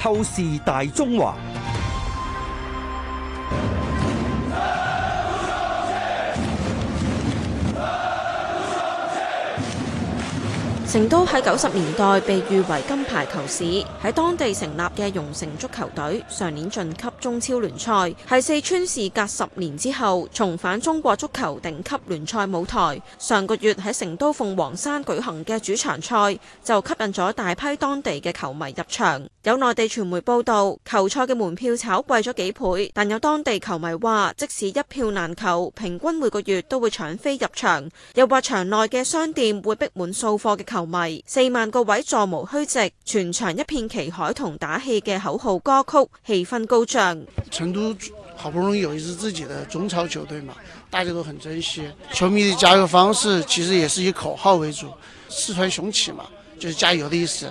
透視大中華。成都喺九十年代被譽為金牌球市，喺當地成立嘅蓉城足球隊上年晉級中超聯賽，係四川事隔十年之後重返中國足球頂級聯賽舞台。上個月喺成都鳳凰山舉行嘅主場賽，就吸引咗大批當地嘅球迷入場。有內地傳媒報道，球賽嘅門票炒貴咗幾倍，但有當地球迷話，即使一票難求，平均每個月都會搶飛入場。又話場內嘅商店會逼滿掃貨嘅球迷，四萬個位座無虛席，全場一片旗海同打氣嘅口號歌曲，氣氛高漲。成都好不容易有一支自己的中超球隊嘛，大家都很珍惜。球迷嘅加油方式其實也是以口號為主，四川雄起嘛，就是加油的意思。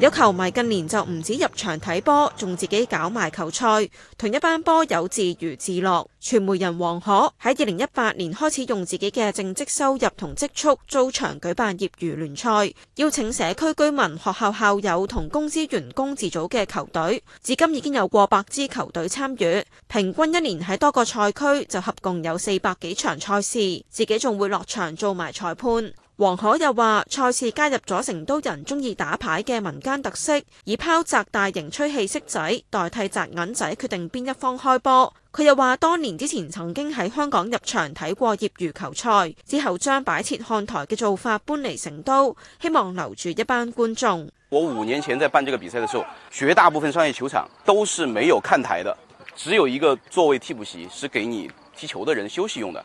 有球迷近年就唔止入場睇波，仲自己搞埋球賽，同一班波友自娛自樂。傳媒人黃可喺二零一八年開始用自己嘅正職收入同積蓄租場舉辦業餘聯賽，邀請社區居民、學校校友同公司員工自組嘅球隊，至今已經有過百支球隊參與，平均一年喺多個賽區就合共有四百幾場賽事，自己仲會落場做埋裁判。黃可又話：賽事加入咗成都人中意打牌嘅民間特色，以拋擲大型吹氣骰仔代替擲銀仔決定邊一方開波。佢又話：多年之前曾經喺香港入場睇過業餘球賽，之後將擺設看台嘅做法搬嚟成都，希望留住一班觀眾。我五年前在辦這個比賽的時候，絕大部分商業球場都是沒有看台的，只有一個座位替補席是給你踢球的人休息用的。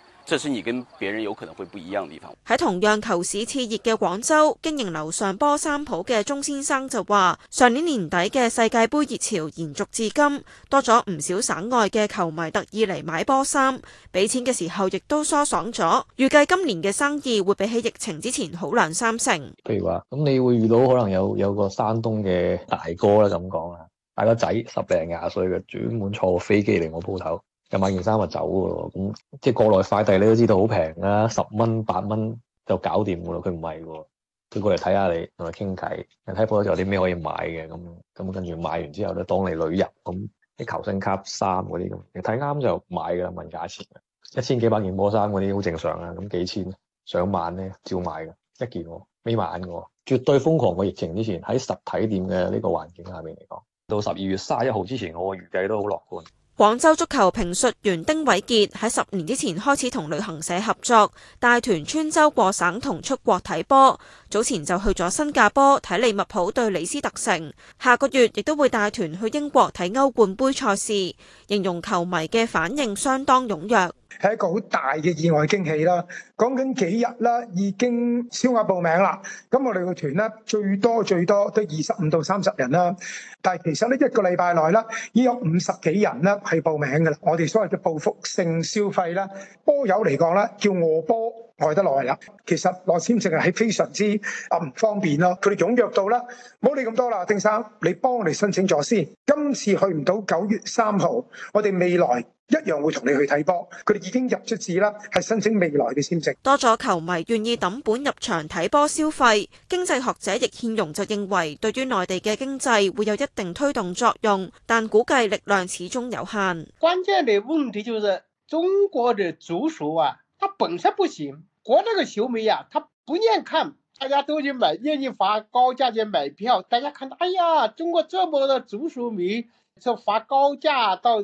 這是你跟別人有可能會不一樣的地方。喺同樣球市熾熱嘅廣州，經營樓上波衫鋪嘅鍾先生就話：上年年底嘅世界杯熱潮延續至今，多咗唔少省外嘅球迷特意嚟買波衫，俾錢嘅時候亦都疏爽咗。預計今年嘅生意會比起疫情之前好兩三成。譬如話咁，那你會遇到可能有有個山東嘅大哥啦，咁講啊，大個仔十零廿歲嘅，專門坐飛機嚟我鋪頭。又買件衫就走噶咯，咁即係國內快遞你都知道好平啦，十蚊八蚊就搞掂噶啦。佢唔係喎，佢過嚟睇下你同佢傾偈，睇下鋪頭有啲咩可以買嘅咁，咁跟住買完之後咧當你旅遊，咁啲球星級衫嗰啲咁，你睇啱就買噶啦，問價錢，一千幾百件波衫嗰啲好正常啊，咁幾千、上萬咧照買嘅，一件我眯埋眼嘅，絕對瘋狂。個疫情之前喺實體店嘅呢個環境下邊嚟講，到十二月卅一號之前，我嘅預計都好樂觀。廣州足球評述員丁偉杰喺十年之前開始同旅行社合作，帶團穿州過省同出國睇波。早前就去咗新加坡睇利物浦對李斯特城，下個月亦都會帶團去英國睇歐冠杯賽事。形容球迷嘅反應相當踴躍。係一個好大嘅意外驚喜啦！講緊幾日啦，已經超額報名啦。咁我哋個團咧最多最多都二十五到三十人啦。但係其實呢，一個禮拜內呢，已有五十幾人咧係報名噶啦。我哋所謂嘅報復性消費啦，波友嚟講咧叫餓波耐得耐啦。其實簽證係非常之啊唔方便咯，佢哋踴躍到啦，冇你咁多啦，丁生，你幫我哋申請咗先。今次去唔到九月三號，我哋未來。一樣會同你去睇波，佢哋已經入出字啦，係申請未來嘅簽證。多咗球迷願意揼本入場睇波消費，經濟學者易憲容就認為，對於內地嘅經濟會有一定推動作用，但估計力量始終有限。關鍵嘅問題就是中國嘅足球啊，它本身不行。國內嘅球迷啊，他不願看，大家都去買，願意花高價錢買票。大家看到，哎呀，中國這麼多足球迷，就花高價到。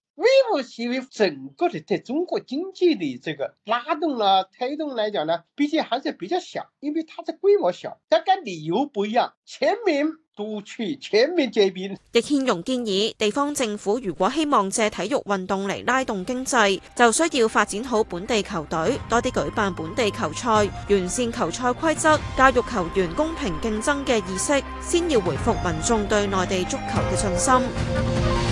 Vivo 整個的對中國經濟的這個拉動啦、推動來講呢，畢竟還是比較小，因為它的規模小，但跟旅遊不一樣。全民都去，全民皆兵。易憲容建議，地方政府如果希望借體育運動嚟拉動經濟，就需要發展好本地球隊，多啲舉辦本地球賽，完善球賽規則，教育球員公平競爭嘅意識，先要回復民眾對內地足球嘅信心。